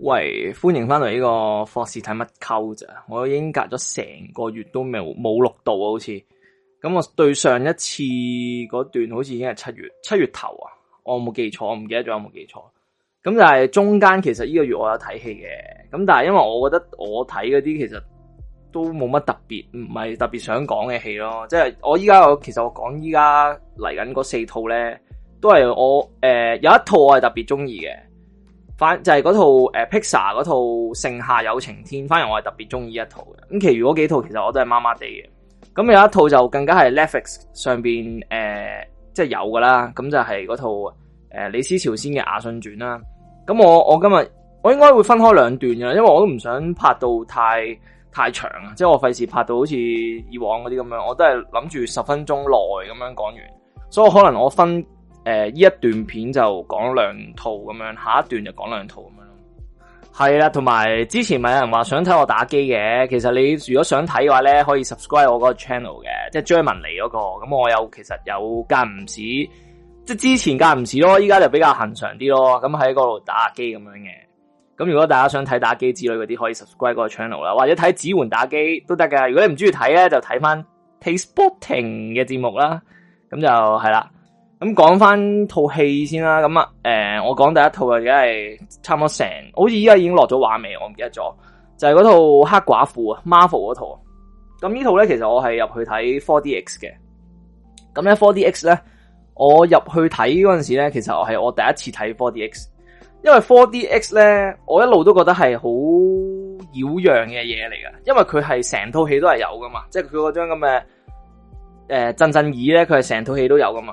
喂，歡迎翻嚟呢個《霍士睇乜 Cult》咋？我已經隔咗成個月都冇冇錄到啊，好似咁我對上一次嗰段好似已經係七月七月頭啊，我冇記錯，我唔記得咗有冇記錯，咁但係中間其實呢個月我有睇戲嘅，咁但係因為我覺得我睇嗰啲其實都冇乜特別，唔係特別想講嘅戲咯，即係我依家我其實我講依家嚟緊嗰四套咧，都係我誒有一套我係特別中意嘅。反就係嗰套誒 Pixar 嗰套盛夏有晴天，反而我係特別中意一套嘅。咁其餘嗰幾套其實我都係麻麻地嘅。咁有一套就更加係 Netflix 上邊誒，即係有噶啦。咁就係嗰套誒、呃、屍戰朝鮮嘅雅信傳啦。咁我我今日我應該會分開兩段嘅，因為我都唔想拍到太太長啊。即係我費事拍到好似以往嗰啲咁樣，我都係諗住十分鐘內咁樣講完。所以我可能我分。誒，呢一段片就講兩套咁樣，下一段就講兩套咁樣咯。係啦，同埋之前咪有人話想睇我打機嘅。其實你如果想睇嘅話咧，可以 subscribe 我嗰個 channel 嘅，即係 j 文嚟嗰個。咁我有其實有間唔時，即係之前間唔時咯，依家就比較恒常啲咯。咁喺嗰度打機咁樣嘅。咁如果大家想睇打機之類嗰啲，可以 subscribe 嗰個 channel 啦。或者睇指環打機都得㗎。如果你唔中意睇咧，就睇翻 Tasting 嘅節目啦。咁就係啦。咁講翻套戲先啦，咁啊，誒，我講第一套啊，而家係差唔多成，好似依家已經落咗畫未，我唔記得咗，就係嗰套黑寡婦啊，Marvel 嗰套。咁呢套咧，其實我係入去睇 4DX 嘅。咁咧 4DX 咧，我入去睇嗰陣時咧，其實係我第一次睇 4DX，因為 4DX 咧，我一路都覺得係好擾攘嘅嘢嚟噶，因為佢係成套戲都係有噶嘛，即係佢嗰張咁嘅誒震震椅咧，佢係成套戲都有噶嘛。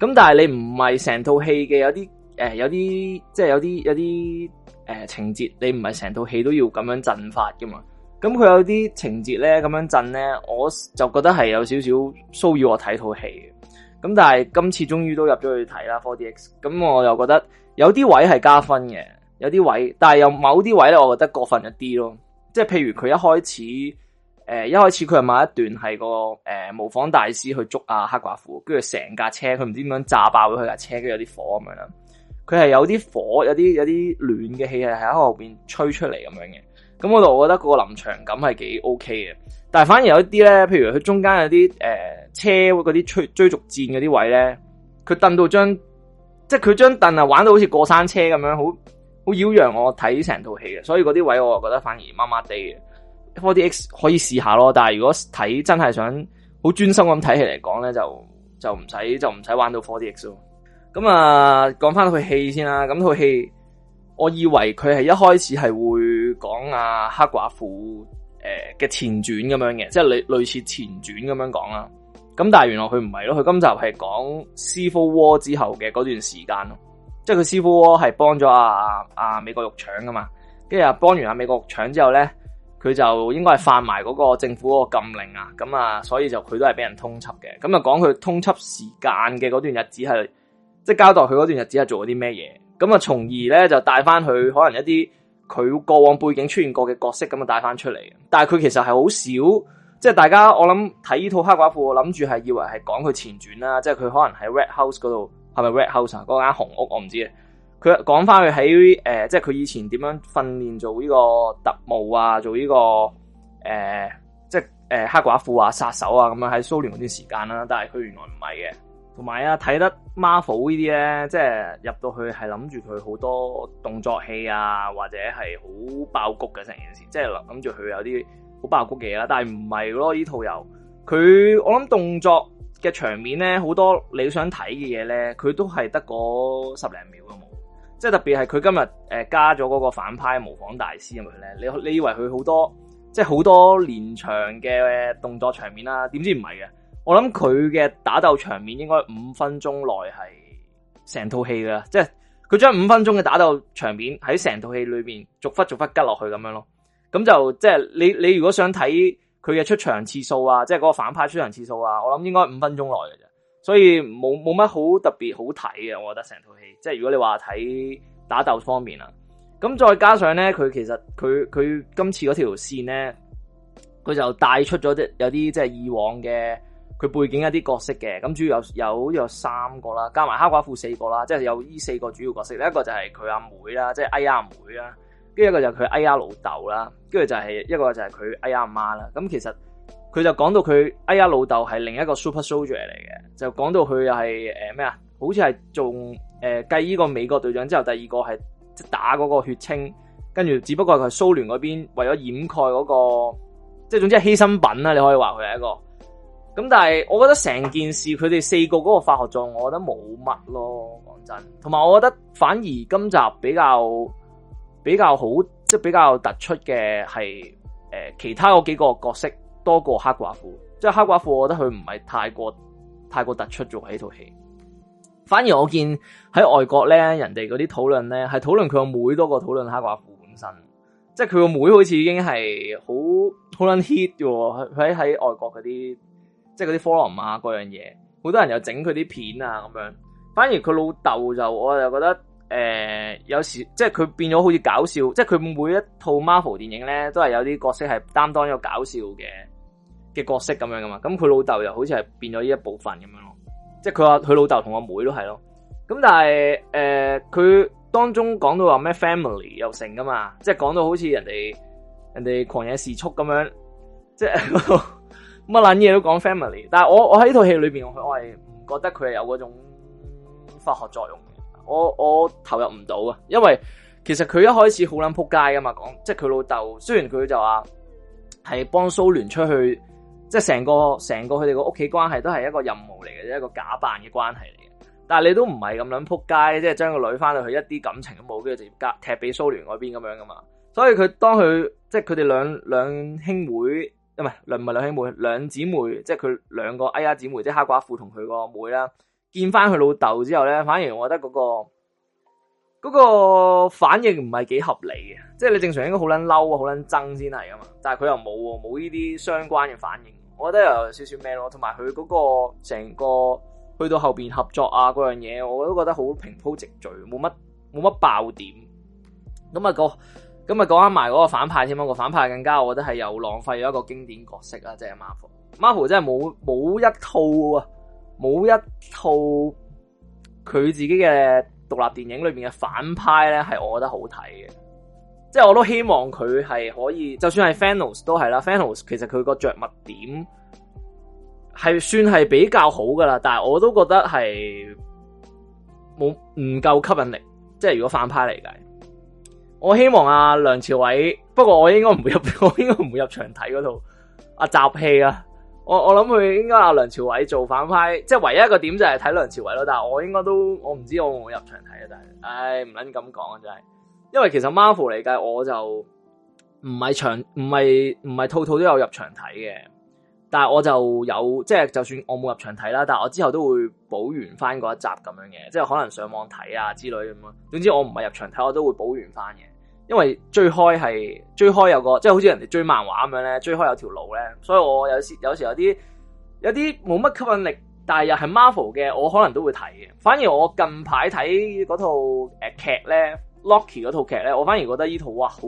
咁但係你唔係成套戲嘅有啲誒、呃、有啲即係有啲有啲誒、呃、情節你唔係成套戲都要咁樣震發噶嘛？咁佢有啲情節咧咁樣震咧，我就覺得係有少少騷擾我睇套戲嘅。咁但係今次終於都入咗去睇啦 4DX。咁我又覺得有啲位係加分嘅，有啲位，但係又某啲位咧，我覺得過分一啲咯。即係譬如佢一開始。誒，一開始佢係買一段係個誒、呃、模仿大師去捉阿、啊、黑寡婦，跟住成架車佢唔知點樣炸爆咗佢架車，跟住有啲火咁樣啦。佢係有啲火，有啲有啲暖嘅氣係喺我後邊吹出嚟，咁樣嘅。咁我度我覺得個臨場感係幾 OK 嘅，但係反而有一啲咧，譬如佢中間有啲誒、呃、車嗰啲追追逐戰嗰啲位咧，佢凳到張即係佢張凳啊，玩到好似過山車咁樣，好好擾攘我睇成套戲嘅。所以嗰啲位我啊覺得反而麻麻地嘅。4DX 可以試下咯，但係如果睇真係想好專心咁睇戲嚟講咧，就就唔使就唔使玩到 4DX 咯。咁啊，講翻佢戲先啦。咁套戲，我以為佢係一開始係會講啊黑寡婦誒嘅前傳咁樣嘅，即係類類似前傳咁樣講啦。咁但係原來佢唔係咯，佢今集係講 Civil War 之後嘅嗰段時間咯。即係佢 Civil War 係幫咗啊啊美國肉腸噶嘛，跟住幫幫完阿美國肉腸之後咧。佢就應該係犯埋嗰個政府嗰個禁令啊，咁啊，所以就佢都係俾人通緝嘅。咁啊，講佢通緝時間嘅嗰段日子係，即係交代佢嗰段日子係做咗啲咩嘢。咁啊，從而咧就帶翻佢可能一啲佢過往背景出現過嘅角色咁啊，帶翻出嚟。但係佢其實係好少，即係大家我諗睇呢套黑寡婦我諗住係以為係講佢前傳啦，即係佢可能喺 Red House 嗰度，係咪 Red House 啊？嗰間紅屋，我唔知佢講翻佢喺誒即係佢以前點樣訓練做呢個特務啊，做呢、呢個誒、呃、即係誒、呃、黑寡婦啊、殺手啊咁樣喺蘇聯嗰段時間啦。但係佢原來唔係嘅，同埋啊睇得 Marvel 呢啲咧，即係入到去係諗住佢好多動作戲啊，或者係好爆谷嘅成件事，即係諗住佢有啲好爆谷嘅嘢啦。但係唔係咯？呢套又佢我諗動作嘅場面咧，好多你想睇嘅嘢咧，佢都係得嗰十零秒。即係特別係佢今日誒加咗嗰個反派模仿大師咁樣咧，你，你以為佢好多即係好多連場嘅動作場面啦？點知唔係嘅，我諗佢嘅打鬥場面應該五分鐘內係成套戲㗎，即係佢將五分鐘嘅打鬥場面喺成套戲裏邊逐忽逐忽拮落去咁樣咯，咁就即係你，你如果想睇佢嘅出場次數啊，即係嗰個反派出場次數啊，我諗應該五分鐘內嘅啫。所以冇冇乜好特別好睇嘅，我覺得成套戲，即係如果你話睇打鬥方面啦，咁再加上咧，佢其實佢佢今次嗰條線咧，佢就帶出咗啲有啲即係以往嘅佢背景一啲角色嘅，咁主要有有有三個啦，加埋黑寡婦四個啦，即係有呢四個主要角色，一個就係佢阿妹啦，即係哎呀阿妹啦，跟住一個就係佢哎呀老豆啦，跟住就係、是、一個就係佢哎呀阿媽啦，咁、就是、其實。佢就講到佢哎呀老豆係另一個 Super Soldier 嚟嘅，就講到佢又係誒咩啊？好似係做誒計呢個美國隊長之後，第二個係即打嗰個血清，跟住只不過佢係蘇聯嗰邊為咗掩蓋嗰個，即係總之係犧牲品啦。你可以話佢係一個咁，但係我覺得成件事佢哋四個嗰個化學狀，我覺得冇乜咯。講真，同埋我覺得反而今集比較比較好，即係比較突出嘅係誒其他嗰幾個角色。多過黑寡婦，即係黑寡婦，我覺得佢唔係太過太過突出做喺套戲。反而我見喺外國咧，人哋嗰啲討論咧，係討論佢個妹多過討論黑寡婦本身。即係佢個妹好似已經係好好捻 hit 嘅，喺喺外國嗰啲即係嗰啲 forum 啊，嗰樣嘢，好多人又整佢啲片啊咁樣。反而佢老豆就我就覺得誒、呃，有時即係佢變咗好似搞笑，即係佢每一套 Marvel 電影咧都係有啲角色係擔當一個搞笑嘅。嘅角色咁樣噶嘛，咁佢老豆又好似係變咗呢一部分咁樣咯，即係佢話佢老豆同阿妹都係咯，咁但係誒佢當中講到話咩 family 又成噶嘛，即係講到好似人哋人哋狂野時速咁樣，即係乜撚嘢都講 family，但係我我喺套戲裏邊，我係唔覺得佢係有嗰種化學作用嘅，我我投入唔到啊，因為其實佢一開始好撚撲街噶嘛，講即係佢老豆雖然佢就話係幫蘇聯出去。即係成個成個佢哋個屋企關係都係一個任務嚟嘅，一個假扮嘅關係嚟嘅。但係你都唔係咁樣扑街，即係將個女翻到去一啲感情都冇，跟住直接夾踢俾蘇聯嗰邊咁樣噶嘛。所以佢當佢即係佢哋兩兩兄妹，唔係唔係兩兄妹，兩姊,姊妹，即係佢兩個哎呀姊妹，即係黑寡婦同佢個妹啦。見翻佢老豆之後咧，反而我覺得嗰個嗰個反應唔係幾合理嘅。即係你正常應該好捻嬲啊，好捻憎先係噶嘛，但係佢又冇冇呢啲相關嘅反應。我覺得有少少咩咯，同埋佢嗰個成個去到後邊合作啊嗰樣嘢，我都覺得好平鋪直敘，冇乜冇乜爆點。咁啊，講咁啊，講返埋嗰個反派添咯，個反派更加，我覺得係又浪費咗一個經典角色啊！即係 Marvel，Marvel 真係冇冇一套啊，冇一套佢自己嘅獨立電影裏邊嘅反派咧，係我覺得好睇嘅。即係我都希望佢係可以，就算係 Thanos 都係啦。Thanos 其實佢個着物點係算係比較好噶啦，但係我都覺得係冇唔夠吸引力。即係如果反派嚟計，我希望阿梁朝偉。不過我應該唔會入，我應該唔會入場睇嗰套阿雜戲啊。我我諗佢應該阿梁朝偉做反派，即係唯一一個點就係睇梁朝偉咯。但係我應該都我唔知我會唔會入場睇啊。但係，唉，唔捻咁講啊，真係。因為其實 Marvel 嚟計，我就唔係場唔係唔係套套都有入場睇嘅，但係我就有即係，就是、就算我冇入場睇啦，但係我之後都會補完翻嗰一集咁樣嘅，即係可能上網睇啊之類咁樣。總之我唔係入場睇，我都會補完翻嘅。因為追開係追開有個，即係好似人哋追漫畫咁樣咧，追開有條路咧，所以我有時有時有啲有啲冇乜吸引力，但係又係 Marvel 嘅，我可能都會睇嘅。反而我近排睇嗰套誒劇咧。Loki 嗰套劇咧，我反而覺得依套哇好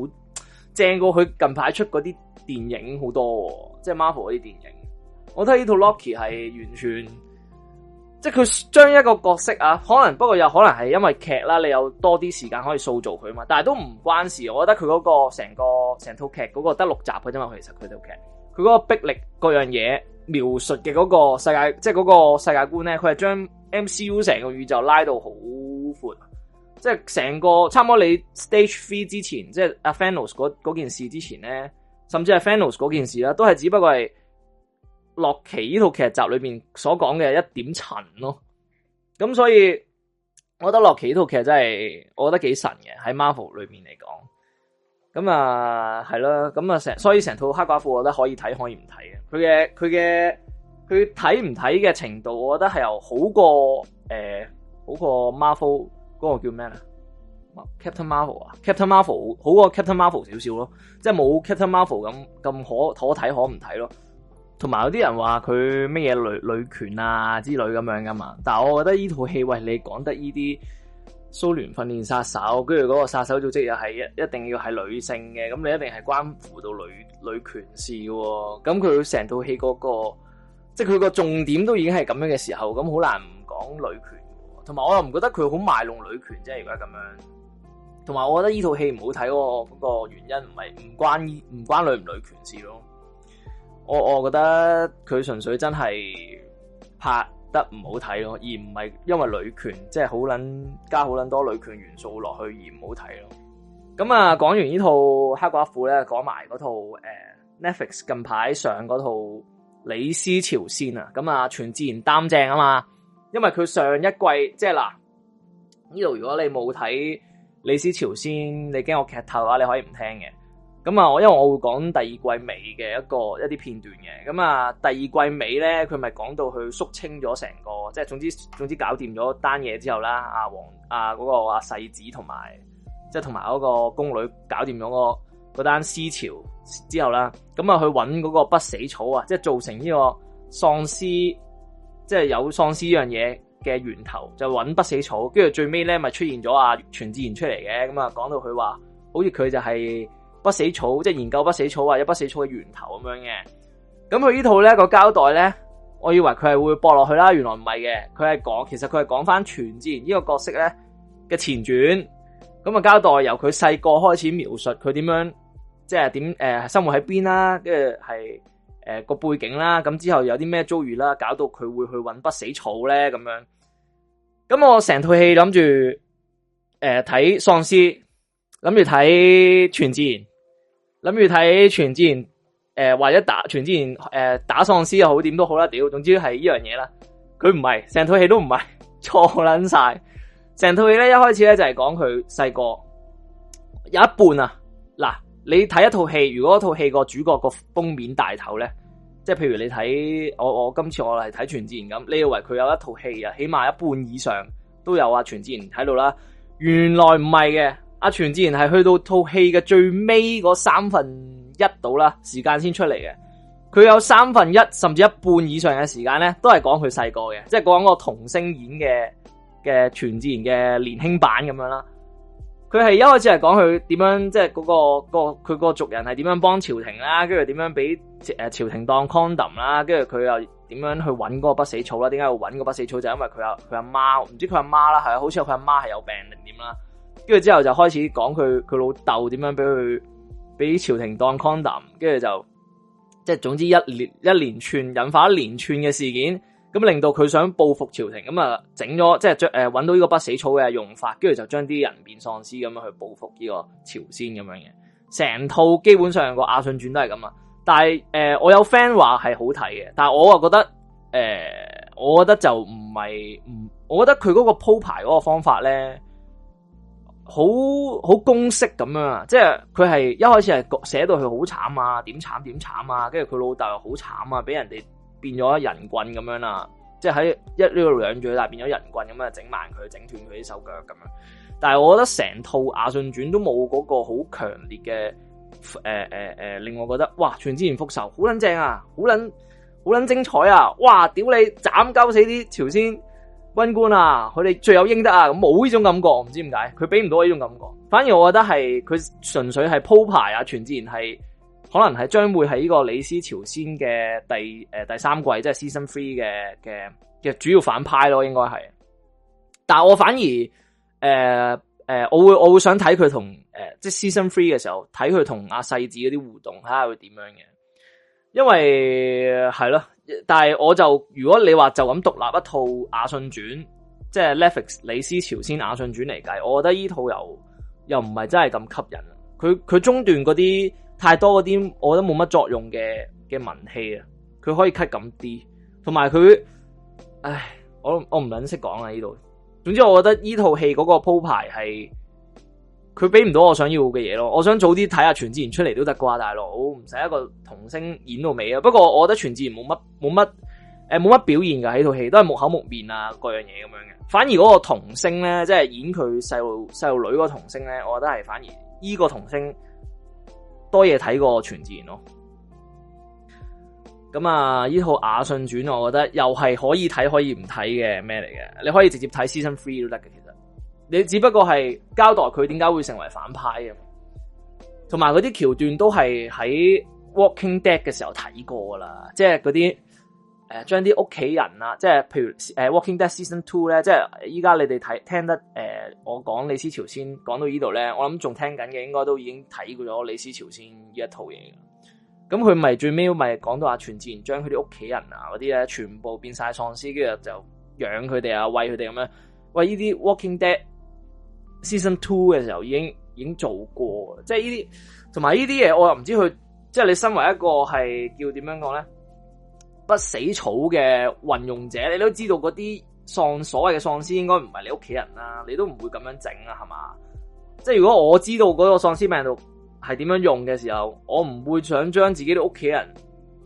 正過佢近排出嗰啲電影好多，即係 Marvel 嗰啲電影。我覺得呢套 Loki 係完全，即係佢將一個角色啊，可能不過又可能係因為劇啦，你有多啲時間可以塑造佢嘛，但係都唔關事。我覺得佢嗰個成個成套劇嗰個得六集嘅啫嘛，其實佢套劇，佢嗰個逼力嗰樣嘢描述嘅嗰個世界，即係嗰個世界觀咧，佢係將 MCU 成個宇宙拉到好闊。即係成個差唔多你 stage three 之前，即係阿 Thanos 嗰件事之前咧，甚至係 Thanos 嗰件事啦，都係只不過係洛奇呢套劇集裏邊所講嘅一點塵咯。咁所以我覺得洛奇呢套劇真係我覺得幾神嘅，喺 Marvel 裏面嚟講。咁啊係咯，咁啊成，所以成套黑寡婦我覺得可以睇可以唔睇嘅，佢嘅佢嘅佢睇唔睇嘅程度，我覺得係又好過誒、呃，好過 Marvel。嗰個叫咩咧？Captain Marvel 啊，Captain Marvel 好過 Captain Marvel 少少少咯，即係冇 Captain Marvel 咁咁可可睇可唔睇咯。同埋有啲人話佢咩嘢女女權啊之類咁樣噶嘛，但係我覺得依套戲喂，你講得依啲蘇聯訓練殺手，跟住嗰個殺手組織又係一一定要係女性嘅，咁你一定係關乎到女女權事嘅喎、哦。咁佢成套戲嗰個，即係佢個重點都已經係咁樣嘅時候，咁好難唔講女權。同埋我又唔覺得佢好賣弄女權即係而家咁樣。同埋我覺得依套戲唔好睇喎，嗰個原因唔係唔關唔關女唔女權事咯。我我覺得佢純粹真係拍得唔好睇咯，而唔係因為女權即係好撚加好撚多女權元素落去而唔好睇咯。咁啊，講完呢套《黑寡婦》咧，講埋嗰套 Netflix 近排上嗰套《李斯朝鮮》啊，咁啊，全智賢擔正啊嘛。因為佢上一季即係嗱，呢度如果你冇睇《李屍朝鮮》，你驚我劇透啊？你可以唔聽嘅。咁啊，我因為我會講第二季尾嘅一個一啲片段嘅。咁啊，第二季尾咧，佢咪講到佢肅清咗成個，即係總之總之搞掂咗單嘢之後啦。阿王阿嗰個阿世子同埋，即係同埋嗰個宮女搞掂咗個嗰單思潮之後啦，咁啊去搵嗰個不死草啊，即係造成呢個喪屍。即係有喪屍依樣嘢嘅源頭，就揾不死草，跟住最尾咧咪出現咗阿全智賢出嚟嘅，咁啊講到佢話，好似佢就係不死草，即係研究不死草或者不死草嘅源頭咁樣嘅。咁佢呢套呢個交代呢，我以為佢係會駁落去啦，原來唔係嘅，佢係講，其實佢係講翻全智賢呢個角色呢嘅前傳。咁啊交代由佢細個開始描述佢點樣，即係點誒生活喺邊啦，跟住係。誒，個背景啦，咁之後有啲咩遭遇啦，搞到佢會去搵不死草咧，咁樣。咁我成套戲諗住，誒睇喪屍，諗住睇全智賢，諗住睇全智賢，誒或者打全智賢，誒打喪屍又好，點都好啦，屌，總之係呢樣嘢啦。佢唔係，成套戲都唔係，錯捻曬。成套戲咧，一開始咧就係講佢細個有一半啊。你睇一套戲，如果套戲個主角個封面大頭呢，即係譬如你睇我，我今次我嚟睇全智賢咁，你以為佢有一套戲啊，起碼一半以上都有阿全智賢睇到啦，原來唔係嘅，阿全智賢係去到套戲嘅最尾嗰三分一度啦，時間先出嚟嘅，佢有三分一甚至一半以上嘅時間呢，都係講佢細個嘅，即係講個童星演嘅嘅全智賢嘅年輕版咁樣啦。佢係一開始係講佢點樣，即係嗰個、嗰個佢個族人係點樣幫朝廷啦，跟住點樣俾誒朝廷當 condom 啦，跟住佢又點樣去搵嗰個不死草啦？點解要搵個不死草？就係、因為佢阿佢阿媽，唔知佢阿媽啦，係啊，好似佢阿媽係有病定點啦？跟住之後就開始講佢佢老豆點樣俾佢俾朝廷當 condom，跟住就即係、就係、總之一連一連串引發一連串嘅事件。咁令到佢想報復朝廷，咁啊整咗即係將誒揾到呢個不死草嘅用法，跟住就將啲人變喪屍咁樣去報復呢個朝鮮咁樣嘅。成套基本上個《雅信傳》都係咁啊。但係誒、呃，我有 friend 話係好睇嘅，但係我又覺得誒、呃，我覺得就唔係唔，我覺得佢嗰個鋪排嗰個方法咧，好好公式咁樣啊。即係佢係一開始係寫到佢好慘啊，點慘點慘啊，跟住佢老豆又好慘啊，俾人哋。變咗人棍咁樣啦，即係喺一呢度養嘴啦變變咗人棍咁樣整慢佢，整斷佢啲手腳咁樣。但係我覺得成套雅信傳都冇嗰個好強烈嘅誒誒令我覺得哇！全智賢復仇好撚正啊，好撚好撚精彩啊！哇！屌你，斬鳩死啲朝鮮軍官啊！佢哋最有應得啊！咁冇呢種感覺，知我唔知點解佢俾唔到我呢種感覺。反而我覺得係佢純粹係鋪排啊！全智賢係。可能係將會喺呢個李屍朝鮮嘅第誒、呃、第三季，即係 Season Three 嘅嘅嘅主要反派咯，應該係。但係我反而誒誒、呃呃，我會我會想睇佢同誒即係 Season Three 嘅時候睇佢同阿世子嗰啲互動，睇下會點樣嘅。因為係咯，但係我就如果你話就咁獨立一套《雅信傳》，即係 Netflix 李屍朝鮮雅信傳嚟計，我覺得呢套又又唔係真係咁吸引。佢佢中段嗰啲。太多嗰啲，我覺得冇乜作用嘅嘅文戲啊，佢可以 cut 咁啲，同埋佢，唉，我我唔撚識講啊呢度。總之我覺得呢套戲嗰個鋪排係，佢俾唔到我想要嘅嘢咯。我想早啲睇下全智賢出嚟都得啩，大佬唔使一個童星演到尾啊。不過我覺得全智賢冇乜冇乜，誒冇乜表現噶喺套戲，都係木口木面啊，各樣嘢咁樣嘅。反而嗰個童星咧，即係演佢細路細路女嗰個童星咧，我覺得係反而呢個童星多嘢睇過全自然咯。哦，咁啊呢套《雅信傳》我覺得又係可以睇可以唔睇嘅咩嚟嘅，你可以直接睇 Season Three 都得嘅，其實你只不過係交代佢點解會成為反派啊，同埋嗰啲橋段都係喺《Walking Dead》嘅時候睇過啦，即係嗰啲。誒，將啲屋企人啊，即係譬如誒，Walking Dead Season Two 咧，即係依家你哋睇聽得誒，我講《屍戰朝鮮》講到呢度咧，我諗仲聽緊嘅，應該都已經睇過咗《屍戰朝鮮》呢一套嘢。咁佢咪最尾咪講到阿全智賢將佢啲屋企人啊嗰啲咧，全部變晒喪屍，跟住就養佢哋啊，餵佢哋咁樣。喂呢啲 Walking Dead Season Two 嘅時候，已經已經做過，即係呢啲同埋呢啲嘢，我又唔知佢即係你身為一個係叫點樣講咧？不死草嘅運用者，你都知道嗰啲喪所謂嘅喪屍應該唔係你屋企人啦，你都唔會咁樣整啊，係嘛？即係如果我知道嗰個喪屍病毒係點樣用嘅時候，我唔會想將自己啲屋企人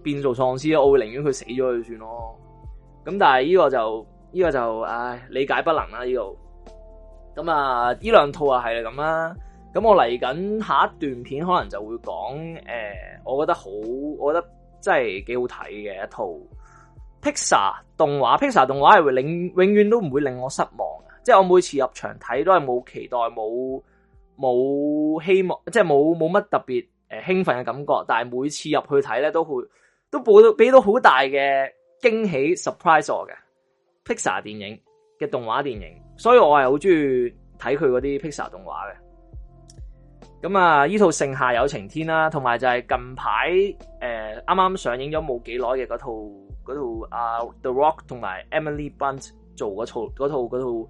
變做喪屍咯，我會寧願佢死咗佢算咯。咁但係呢個就呢、呢個就唉，理解不能啦呢度。咁、這個、啊，呢兩套啊係咁啦。咁我嚟緊下，下一段片可能就會講，誒、欸，我覺得好，我覺得。真係幾好睇嘅一套 Pixar 動畫，Pixar 動畫係永永遠都唔會令我失望嘅。即係我每次入場睇都係冇期待、冇冇希望，即係冇冇乜特別誒興奮嘅感覺。但係每次入去睇咧，都會都俾到俾到好大嘅驚喜 surprise 我嘅 Pixar 電影嘅動畫電影，所以我係好中意睇佢嗰啲 Pixar 動畫嘅。咁、呃、啊！依套《盛夏有晴天》啦，同埋就係近排誒啱啱上映咗冇幾耐嘅嗰套嗰套 The Rock 同埋 Emily Blunt 做套嗰套嗰套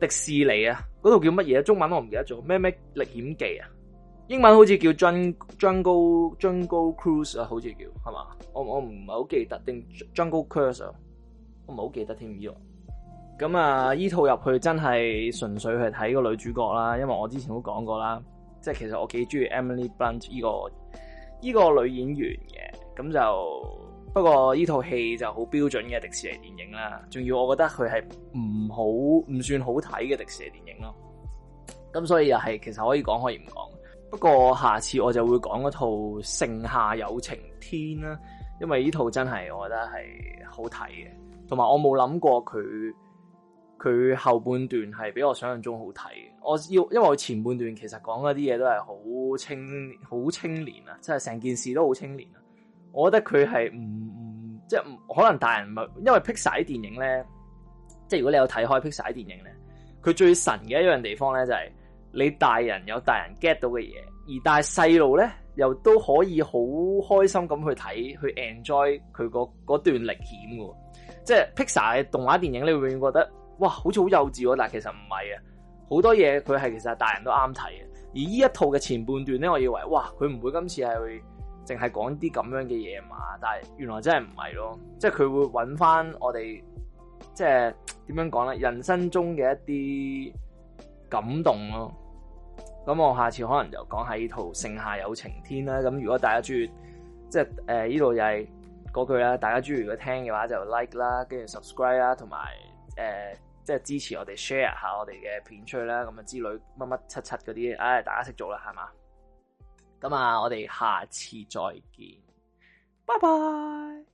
迪士尼啊，嗰套叫乜嘢？中文我唔記得咗，咩咩歷險記啊？英文好似叫 Jung, Jungle Jungle Cruise 啊，好似叫係嘛？我我唔係好記得，定 Jungle Curse 啊？我唔係好記得添依喎。咁啊，依套入去真係純粹係睇個女主角啦，因為我之前都講過啦。即係其實我幾中意 Emily Blunt 呢個呢個女演員嘅，咁就不過依套戲就好標準嘅迪士尼電影啦，仲要我覺得佢係唔好唔算好睇嘅迪士尼電影咯。咁所以又係其實可以講可以唔講，不過下次我就會講嗰套盛夏有晴天啦，因為呢套真係我覺得係好睇嘅，同埋我冇諗過佢。佢後半段係比我想象中好睇嘅，我要因為佢前半段其實講嗰啲嘢都係好青好青年啊，即係成件事都好青年啊。我覺得佢係唔唔即係可能大人唔係因為 Pixar 啲電影咧，即係如果你有睇開 Pixar 啲電影咧，佢最神嘅一樣地方咧就係、是、你大人有大人 get 到嘅嘢，而但係細路咧又都可以好開心咁去睇去 enjoy 佢嗰段歷險嘅，即係 Pixar 嘅動畫電影你會永遠覺得。哇，好似好幼稚喎，但其實唔係啊，好多嘢佢係其實大人都啱睇嘅。而呢一套嘅前半段咧，我以為哇，佢唔會今次係淨係講啲咁樣嘅嘢嘛，但係原來真係唔係咯，即係佢會搵翻我哋，即係點樣講咧？人生中嘅一啲感動咯。咁我下次可能就講喺呢套《盛夏有晴天》啦。咁如果大家中意，即係誒，呢度又係嗰句啦，大家中意。如果聽嘅話就 like 啦，跟住 subscribe 啦，同埋誒。即係支持我哋 share 下我哋嘅片出去啦，咁啊之類乜乜柒柒嗰啲，唉、哎、大家識做啦，係嘛？咁啊，我哋下次再見，拜拜。